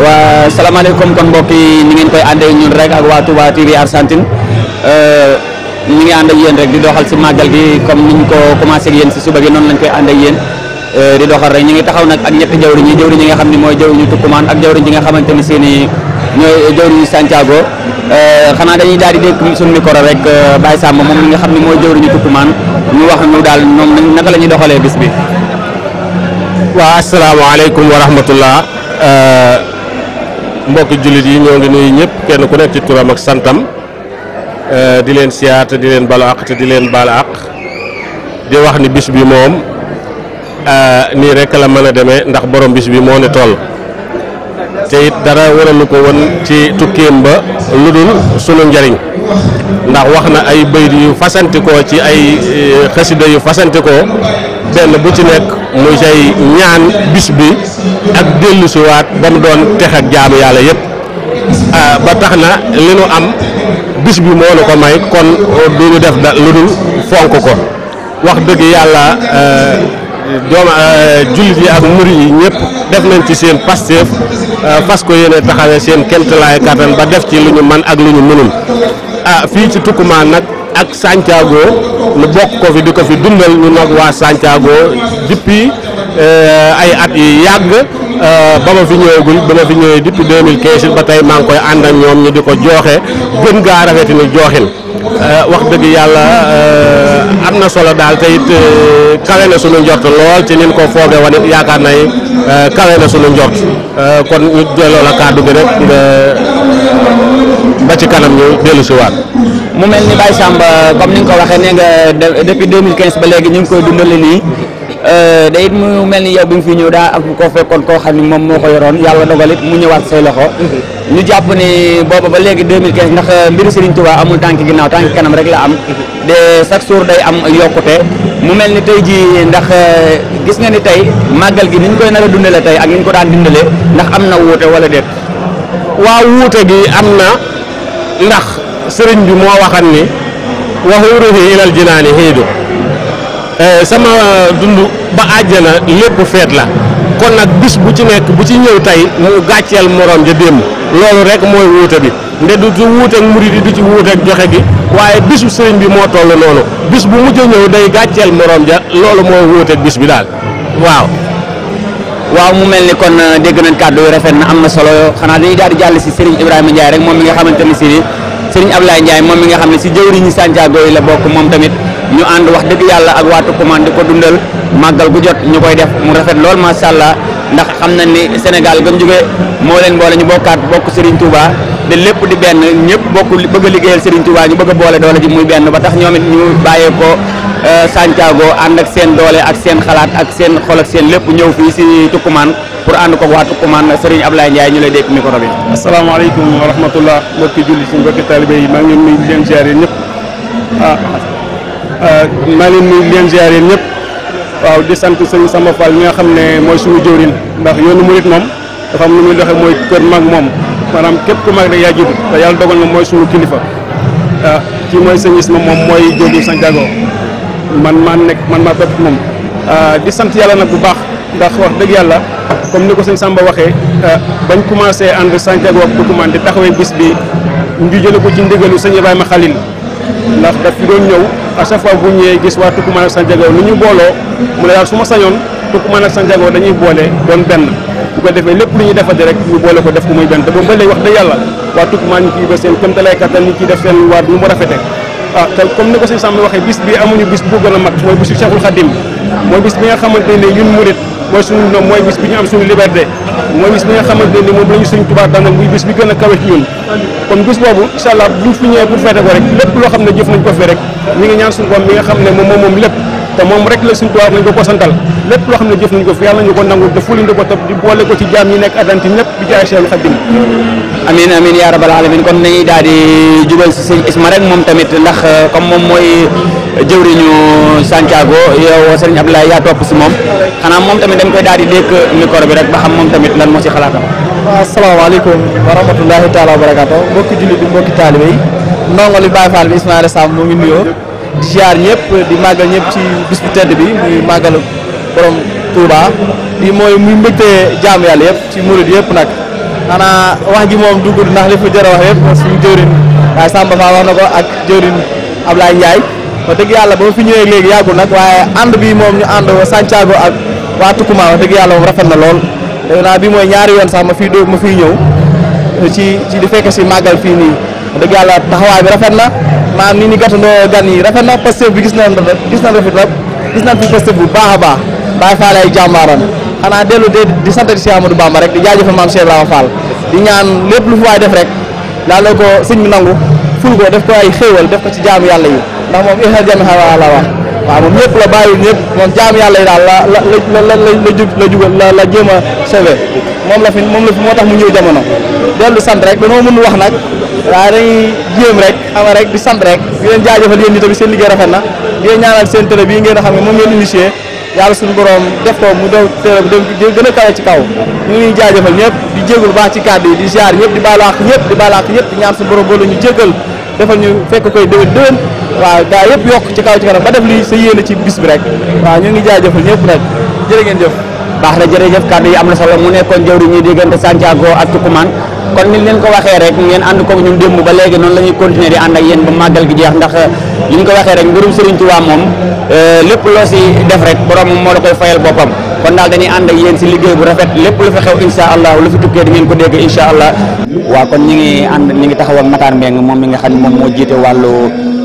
waa salaamaaleykum kon mbokk yi ni ngeen koy àndee ñun rek ak waa Touba TV Argentine euh, ñu ngi ànd ak yéen rek di doxal si màggal gi comme niñ ko commencé ak yéen si suba gi noonu lañ koy ànd ak yéen euh, di doxal rek ñu ngi taxaw nag ak ñetti jawriñ yi jawriñ yi nga xam ne mooy jawriñu Tukumaan ak jawriñ ji nga xamante ni seen i ñooy jawriñu Santiago euh, xanaa dañuy daal di dégg suñu micro rek Baye Samba moom mi nga xam ne mooy jawriñu Tukumaan ñu wax ñu daal ñoom naka la ñuy doxalee bis bi. waa asalaamaaleykum wa rahmatullah mbokki jullit yi ñoo ngi nuyu ñëpp kenn ku nekk ci turam ak santam eh, di leen siyaar te di leen balu àq te di leen baal àq di wax ni bis bi moom eh, nii rek la mën a demee ndax borom bis bi moo ne toll te it dara waralu ko won ci tukkeem ba lu dul sunu njariñ ndax wax na ay bayit yu fasantikoo ci ay eh, xasida yu ko benn bu ci nekk mu say ñaan bis bi ak dellu siwaat ba mu doon tex ak jaamu yàlla yëpp ah, ba tax na li nu am bis bi moo nu ko may kon du ñu def lu dul fonk ko wax dëgg yàlla eh, doom eh, jullit yi ak murit yi ñëpp def nañ ci seen pasteef eh, fas ko yéene taxawee seen kemtalaay kattan ba def ci lu ñu man ak lu ñu mënul ah, fii ci Tukumaan nag ak Santiago nu bokk ko fi di ko fi dundal ñu nag waa Santiago depuis Euh, ay at yu yàgg euh, ba ma fi ñëwagul ba ma fi ñëwee depuis 2015 ba tey maa ngi koy ànd ak ñoom ñu di ko jooxe gën gaa rafeti ni jooxin euh, wax dëgg yàlla am na solo daal te it kawe na sunu njort lool ci nin ko fooge woon yaakaar nay kawe na sunu njort kon ñu delloo la kàddu gi rek nga ba ci kanam ñu dellu si waat mu mel ni Baye Samba comme ni nga ko waxee nee nga depuis 2015 ba léegi ñu ngi koy dundale nii Euh, day it mu mel ni yow bi nga fi ñëw daa am koo fekkoon koo xam ni moom moo ko yoroon yàlla dogal it mu ñëwaat say loxo mhm. ñu jàpp ne booba ba léegi 2015 ndax euh, mbiru Serigne Touba amul tànk ginnaaw tànk kanam rek la am mhm. de chaque jour day am yokkute mu mel ni tey jii ndax euh, gis nga ni tey màggal gi ni ñu koy nar a tey ak ni ñu ko daan dundale ndax am na wuute wala déet waaw wuute gi am na ndax sëriñ bi moo waxan ni waxuruhi ilal jinaani hiidu Eh, sama euh, dund ba àjjana lépp feet la kon nag bis bu ci nekk bu ci ñëw tey mu gàcceel morom ja démb loolu rek mooy wuute bi nde du ci wuuteeg murid yi du ci wuuteeg joxe gi waaye bisu sëriñ bi moo toll loolu bis bu mujj ñëw day gàcceel morom ja loolu mooy wuuteeg bis bi daal waaw. waaw mu mel ni kon euh, dégg nañ kàddu yi rafet na am na solo xanaa dañuy daal di jàll si Serigne Ibrahima Ndiaye rek moom mi nga xamante ne si ni Serigne Ablaye Ndiaye moom mi nga xam ne si jëwriñu Santiago yi la bokk moom tamit. ñu ànd wax dëgg yàlla ak waatu commande ko dundal màggal gu jot ñu koy def mu rafet lool macha allah ndax xam na ni Sénégal gëm jógee moo leen boole ñu bokkaat bokk Serigne Touba de lépp di benn ñëpp bokk bëgg a liggéeyal Serigne Touba ñu bëgg a boole doole ji muy benn ba tax ñoom it ñu bàyyee ko euh, Santiago ànd ak seen doole ak seen xalaat ak seen xol ak seen lépp ñëw fii si Tukumaan pour ànd ko waa Tukumaan ab Ablaye Ndiaye ñu lay dégg micro bi. asalaamaaleykum wa rahmatullah mbokki julli si mbokki talibé yi maa leen di ñëpp ah, Euh, maa ngi leen di leen ñëpp waaw di sant sëñ Samba Fall mi nga xam ne mooy suñu jëwriñ ndax yoonu murit moom dafa am lu muy doxee mooy kër mag moom maanaam képp ku mag rek yaa yàlla dogal na mooy suñu kilifa ah mooy sëñ Isma moom mooy jëwriñ Santiago man maa nekk man maa bepp moom. Ah, di sant yàlla nag bu baax ndax wax dëgg yàlla comme ni ko sëñ Samba waxee ah, bañ commencé ànd Santiago ak document di taxawee bis bi ñu jëlee ko ci ndigalu sëñ Ibrahima Khalil. ndax daf fi doon ñëw à chaque fois bu ñëwee gis waa Tukumaan ak Sanjago nu ñu booloo mu ne daal su ma sañoon Tukumaan ak Sanjago dañuy boole doon benn bu ko defee lépp lu ñuy defati rek ñu boole ko def ko muy benn te boobu ba wax dëgg yàlla waa Tukumaan ñu ciy ba seen kéem talaay kattan ñu ciy def seen waar nu mu rafete ah comme ni ko sëñ Samb waxee bis bi amuñu bis bu gën a mag mooy bisu Cheikhul Khadim mooy bis bi nga xamante ne ñun murit mooy suñu noom mooy bis bi ñu am suñu liberté mooy bis bi nga xamante ne moom la suñu tubaab daan muy bis bi gën a kawe ci ñun kon bis boobu incha allah fi ñëwee pour feete ko rek lépp loo xam ne jëf nañ ko fi rek ñi ngi ñaan suñu borom mi nga xam ne moom moom lépp te moom rek la suñu tubaab nañ ko ko santal lépp loo xam ne jëf nañ ko fi yàlla nañu ko nangul te ko tab di boole ko ci jaam yi nekk adanti ñëpp bi jaay Seexul Xadim amin amin yaa daal di jubal si sëñ Isma moom tamit ndax eh, comme moom mooy jëwriñu Santiago yow sëriñ Abdoulaye yaa topp si moom xanaa moom tamit dañ koy daal di dékk micro bi rek ba xam moom tamit lan moo si xalaatam waaw asalaamaaleykum wa rahmatullahi taala wa barakaatu mbokki jullit bi mbokki taalibe yi ndongo li Baay Faal bi Ismaila di ziar ñëpp di màggal ñëpp ci bis bi muy màggal borom Touba di mooy muy mbégte jaamu yàlla yëpp ci murid yëpp nag xanaa wax ji moom duggul ndax li fi jar a wax yëpp suñu jëwriñ waaye Samba Fall wax na ko ak jëwriñ Ablaye Ndiaye wax dëgg yàlla ba ma fi ñëwee léegi yàggul nag waaye ànd bi moom ñu ànd Santiago ak waa Tucumán wax dëgg yàlla moom rafet na lool dégg naa bi mooy ñaari yoon sax ma fiy dóor ma fiy ñëw ci ci di fekk si màggal fii nii dëgg yàlla taxawaay bi rafet na maanaam ni ñu gàttandoo gan yi rafet na Pastef bi gis na gis gis nañ fi Pastef bu baax a baax Baay Faal ay jàmbaaram xanaa dellu de di sant ci Amadou Bamba rek di jaajëfal maam Cheikh Ibrahima Fall di ñaan lépp lu fi waay def rek daal la ko sëñ bi nangu ful ko def ko ay xéewal def ko ci jaamu yàlla yi ndax moom ina jami xawala wax waaw moom ñëpp la bàyyi ñëpp moom jaam yàlla yi daal la la la la la jub la jubal la la jéem a moom la fi moom la fi moo tax mu ñëw jamono dellu sant rek danoo mënul wax nag waaye dañuy jéem rek ama rek di sant rek di jaajëfal yéen ñi tamit seen liggéey rafet na di leen ñaanal seen télé bii ngeen xam ne moom ngeen initié yàlla suñu borom def ko mu doon télé bi gën a kawe ci kaw ñu ngi jaajëfal ñëpp di jégul baax ci kàddu yi di ziar ñëpp di baalu àq ñëpp di baalu àq ñëpp di ñaan suñu borom boo la ñu jégal defal ñu fekk koy déwén déwén waaw gaa yëpp yokk ci kaw ci kanam ba def lii sa yéene ci bis bi rek waaw ñu ngi jaajëfal ñëpp rek jërë ngeen jëf baax na jërëjëf kàddu yi am na solo mu nekkoon jawriñ ñi diggante Santiago ak Tucumane kon ni leen ko waxee rek ngeen ànd koog ñu démb ba léegi noonu lañuy ñuy continuer di ànd ak yéen ba màggal gi jeex ndax li ko waxee rek mbirum Serigne Touba moom euh, lépp loo si def rek borom moo la koy fayal boppam kon daal dañuy ànd ak si liggéey bu rafet lépp lu fi xew incha allah lu fi tukkee di ngeen ko dégg incha allah. waaw kon ñi ngi ànd ñi ngi taxaw ak Matar Mbengue moom mi nga xam ne moom moo jiite wàllu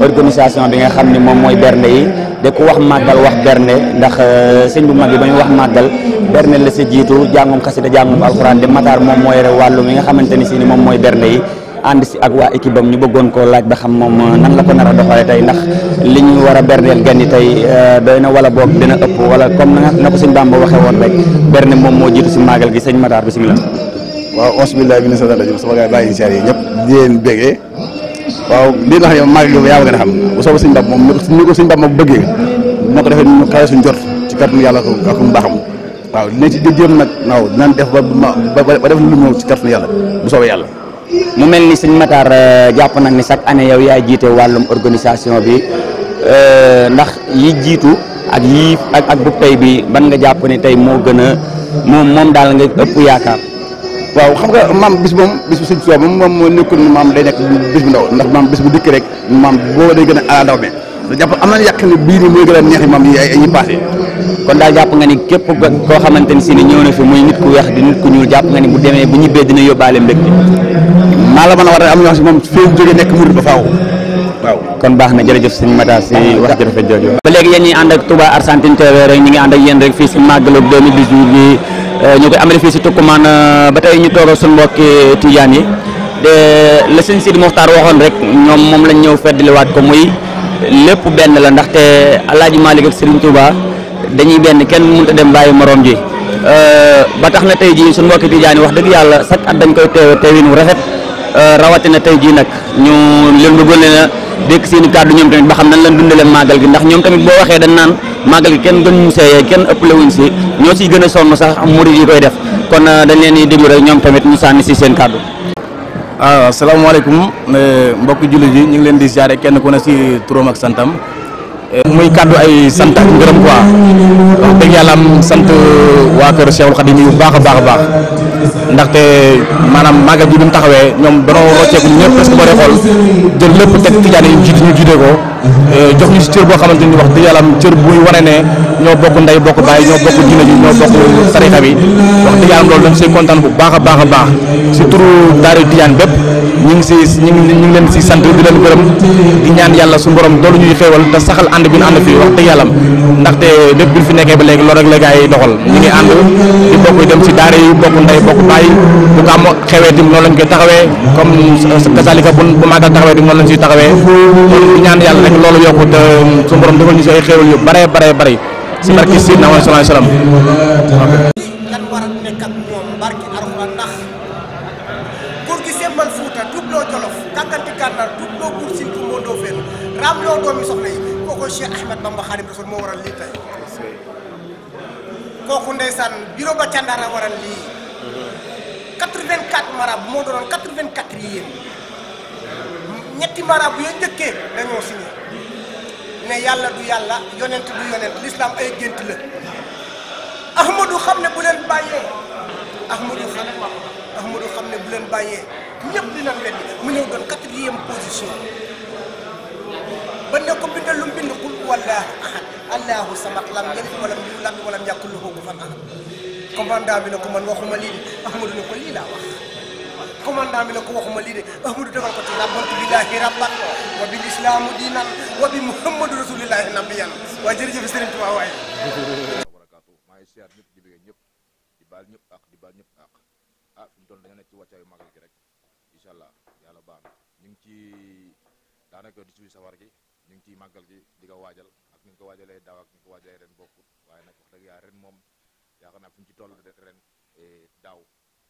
organisation bi nga xam ne moom mooy bernde yi de ku wax màggal wax bernde ndax euh, sëñ bu mag bi ba ñu wax màggal bernde la si jiitu jàngum xasida jàngum alxuraan de Matar moom mooy yore wàllu mi nga xamante ni si ni moom mooy bernde yi. ànd si ak waa équipe ñu bëggoon koo laaj ba xam moom uh, nan la ko nar a doxalee tey ndax li ñu war a berdeel gan yi tey uh, doy na wala boog dina ëpp wala comme na ko si maagal gi bi na satan rajim sama gars bàyyi incha allah ñëpp di leen bégee waaw lii nga xam ne maagal gi yaa a xam bu soobee sëñ Bamba bëggee na ko defee ñu kawe suñ jot ci kàttanu yàlla ak mbaaxam waaw dinañ ci jéem nag waaw dinañ def ba lu ñëw ci kàttanu yàlla bu soobee yàlla mu mel ni sëñ Matar euh, jàpp nag ni chaque année yow yaay jiite wàllum organisation bi euh, ndax yi jiitu ak yii ak ak bu tey bi ban nga jàpp ni tey moo gën a moom moom daal nga ëpp yaakaar. waaw xam nga maam bis moom bis bu sëñ Tuubaa moom moom moo nekkul ni maam day nekk bis bu ndaw ndax maam bis bu dikk rek maam booba day gën a ala ndaw bi jàpp am na yàq ne bii nii mooy gën a neex yi ay yi passé kon daal jàpp nga ni képp koo xamante si ne ñëw na fi muy nit ku weex di nit ku ñuul jàpp nga ni bu demee bu ñibbee dina yóbbaale mbégte maa la mën a war a am ñoo xam si moom fii jóge nekk murid ba faaw waaw kon baax na jërëjëf sëñ Mata si wax jërëjëf jooju ba léegi yéen ñi ànd ak Touba Argentine TV rek ñi ngi ànd ak yéen rek fii si màggalu 2018 bi euh, ñu koy amale fii si Tukumaan euh, ba tey ñu toog suñu mbokki Tijaan yi de la sëñ Sidi Moxtaar waxoon rek ñoom moom lañ ñëw feddliwaat ko muy lépp benn la ndaxte Alaaji Maalik ak Sëriñ Touba dañuy benn kenn mënut a dem bàyyi morom ji euh, ba tax na tey jii suñu mbokki tijaani wax dëgg yàlla chaque at dañ koy teewe teewin wu rafet euh, rawatina tey jii nag ñu leen bëggoon leen a dékk seen i kàddu ñoom tamit ba xam nan leen dundale màggal gi ndax ñoom tamit boo waxee dañ naan màggal gi kenn gën ñu seeyee kenn ëppale wuñ si ñoo siy gën a sonn sax murid yi koy def kon euh, dañ leen di déglu ñoom tamit ñu sànni si seen kàddu. waaw ah, asalaamaaleykum mbokki jullit yi ñu ngi leen di ziare kenn ku ne si turam ak santam. muy kàddu ay sant ak ngërëm quoi wax dëgg yàlla am sant waa kër Cheikhul Khadim bu baax a baax a baax ndaxte maanaam màggal gi bi mu taxawee ñoom danoo rocceeku ñëpp presque boo dee xool lépp teg tijaan yi jiitu ñu ko euh, jox ñu si cër boo xamante ni wax dëgg yàlla am cër buy wane ne ñoo bokk ndey bokk baay ñoo bokk diina ji ñoo bi loolu dañ siy bu baax a baax a baax si turu daari tijaan bépp ñu ngi si ñu ngi leen si sant di leen gërëm di ñaan yàlla su borom doolu ñuy xéewal te saxal ànd bi ñu ànd fii wax dëgg yàlla ndaxte lépp bi fi nekkee ba léegi loolu rek la gars yi doxal ñu ngi ànd di bokk dem si daara yi bokk ndey bokk baay bu ko am xewee tim noonu lañ koy taxawee comme kasalika bu bu màggal taxawee tim noonu lañ siy ñaan yàlla rek loolu yokku te su borom ñu si ay yu bare bare bare si barki si naa war a nekk ak barki alxuraan ndax góor gi sembal fuuta tuub jolof kàkkanti kànnar tuub loo buur siin pour moo ndóofeen raam loo doomi soxna yi ko Cheikh Ahmed Bamba Khadim Rasoul moo waral lii tey kooku ndeysaan bureau ba a waral lii 84 maraab moo doonoon 84 yi yéen ñetti maraab bu yoo njëkkee dañoo signé ne yàlla du yàlla yonent du yonent l'islam ay gént la ahmadu xam ne bu bàyyee ahmadu xam ne bu leen bàyyee ñëpp dinañ weddi mu ñëw doon quatrième position ba ne ko bindal lu mu bind qul wallaahu ahad allahu samad lam yalid walam yuulad walam yakul lahu kufuwan ahad commandant bi ne ko man waxuma lii de Ahmadou ne ko lii laa wax commandant bi ne ko waxuma lii de Ahmadou defal ko ci rabbantu billahi rabban wa bil islamu diinan wa bi muhammadu rasulillahi nabiyan waaye jërëjëf Serigne Touba waaye maa ngi siyaar ñëpp di bëgg ñëpp di baal ñëpp ak ak ah fi mu toll dañoo nekk ci wàccaayu magal gi rek incha yàlla baax ñu ngi ci daanaka di suñu safar gi ñu ngi ciy màggal gi di ko waajal ak ni ñu ko waajalee daaw ak ni ñu ko waajalee ren bokkut waaye nag wax dëgg yàlla ren moom yaakaar naa fi ñu ci toll ren eh, daaw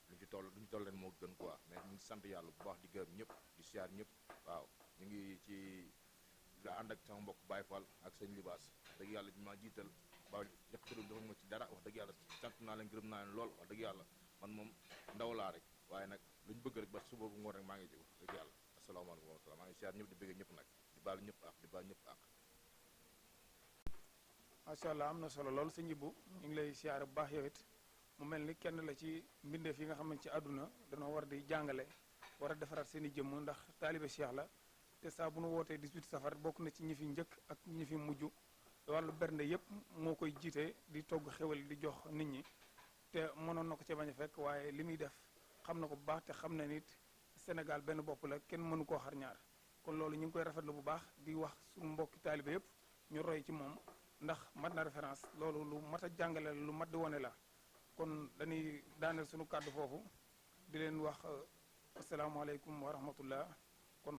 lu ñu ci toll lu ñu toll ren moo gën kowaa mais ñu sant yàlla bu baax di gërëm ñëpp di siyaar ñëpp waaw ñu ngi ci la ànd ak sama mbokk Baye Fall ak sëñ Libaas dëgg yàlla bi ma jiital ba jox turam joxuñ ma ci dara wax dëgg yàlla sant naa leen gërëm naa leen lool wax dëgg yàlla man moom ndaw laa rek waaye nag lu ñu bëgg rek ba suba bu ngoon rek maa baal ñëpp ak ak macha allah am na solo lool sa njibbu ñu ngi lay siyaare bu baax yow mu mel ni kenn la ci mbindeef yi nga xam ci àdduna danoo war di jàngale war a defaraat seeni jëmm ndax taalibe Cheikh la te saa bu nu wootee 18 safar bokk na ci ñi fi njëkk ak ñi fi mujj wàllu bernde yëpp moo koy jiite di togg xewal di jox nit ñi te mënoon na ko ca bañ a fekk waaye li muy def xam na ko bu baax te xam na nit senegal benn bopp la kenn mënu koo xarñaar kon loolu ñu ngi koy rafetlu bu baax di wax suñu mbokki taaliba yëpp ñu roy ci moom ndax mat na référence loolu lu mat a jàngale lu mat di wone la kon dañuy daaneel suñu kàddu foofu di leen wax asalaamaaleykum wa rahmatullah